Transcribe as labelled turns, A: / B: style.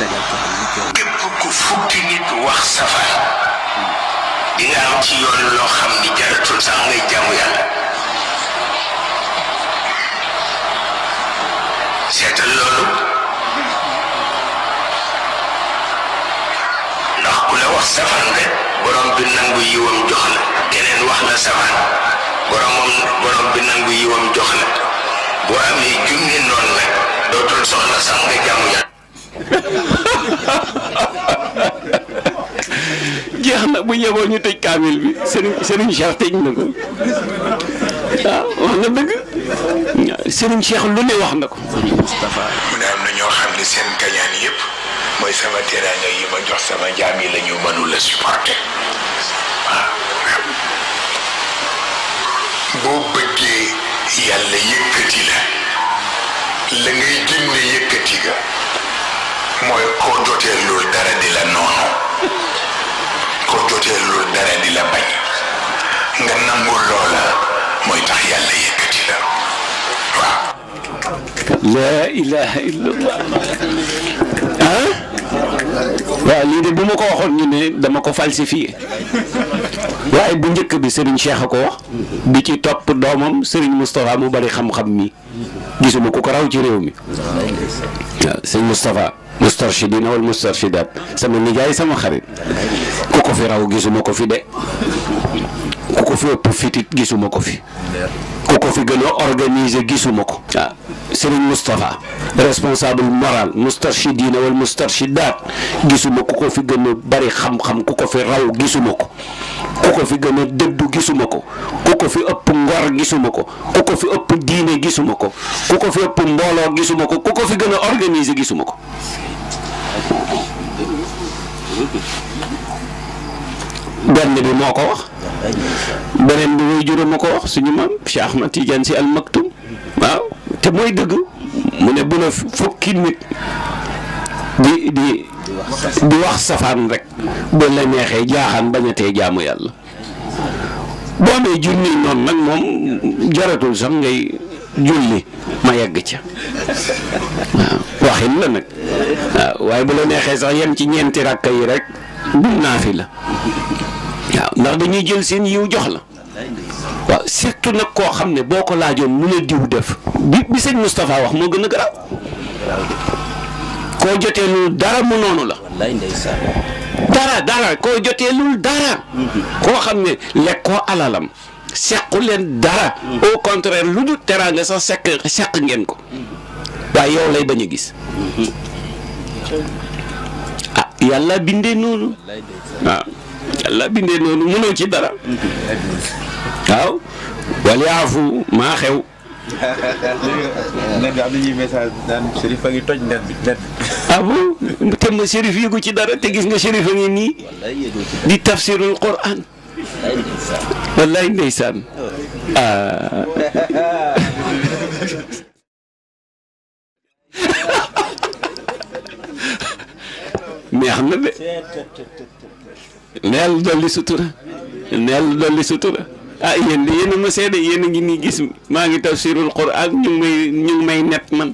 A: tegal ko képp ku fukki nit wax safar di nga am ci yoon loo xam ni jaratul sax ngay jaamu yàlla seetal loolu ndax ku la wax safar nga borom bi nangu yiwam jox la keneen wax la safar boromam borom bi nangu yiwam jox la boo amee junni noonu nag jeex na bu yeboo ñu tëj kaamil bi Serigne Serigne Cheikh tëj na ko waaw ah, wax na dëgg Serigne Cheikh lu ne wax na ko. Moustapha. mu ne am na ñoo xam ne seen kañaan yëpp mooy sama teraanga yi ma jox sama jaam yi la ñu mënul a ah. boo bëggee yàlla yëkkati la la ngay génne yëkkati ga mooy koo dara di la noonu. laa ilaha illa allah ah lii de bu ma ko waxoon dama ko falsifié waaye bu njëkk bi Serigne Cheikh a ko wax bi ci topp doomam Serigne Moustapha mu bari xam-xam mi gisuma ku ko raw ci réew mi waaw sëñ Moustapha mustarshidina wal mustarshidaat sama nijaay sama xarit ku ko fi raw gisuma ko fi de ku ko fi ëpp fitit gisuma ko fi ku ko fi gën a organiser gisuma ko ah Serigne Moustapha responsable moral moustarchidina wal moustarchidat gisuma ku ko fi gën a bari xam-xam ku ko fi raw gisuma ko ku ko fi gën a dëddu gisuma ko ku ko fi ëpp ngor gisuma ko ku ko fi ëpp diine gisuma ko ku ko fi ëpp mbooloo gisuma ko ku ko fi gën a organiser gisuma ko benn bi moo ko wax beneen bi way juróom a ko wax suñu maam Cheikh Ahmad Tidiane si almaktum waaw te mooy dëgg mu ne bu la fukki nit di di di wax safaan rek ba la neexee jaaxaan bañatee jaamu yàlla boo amee junni noonu nag moom jaratul sax ngay julli ma yegg ca waaw waxin la nag waaye bu la neexee sax yem ci ñeenti rakka yi rek bul naa fi la waaw ndax dañuy jël seen yiw jox la waaw surtout nag koo xam ne boo ko laajoon mu ne diw def bi bi sëñ Moustapha wax moo gën a garaaw koo jotee lu dara mu noonu la dara dara koo jotee lu dara koo xam ne lekk koo alalam sequ leen dara au contraire lu du teraanga sax seq seq ngeen ko waaye yow lay bañ a gis yàlla bindee noonu waaw ah, yàlla mënoo ci dara waaw wal yaafu maa xew. léegi ah te ma Chérif yëgu ci dara te gis nga Chérif a nii di tafsirul Quran wallaay ndeysaan ah. neex na de neel dolli sutura neel dolli sutura ah yéen de yéen a ma seede yéen a ngi nii gis maa ngi tafsirul Qur'an ñu ngi may ñu may net man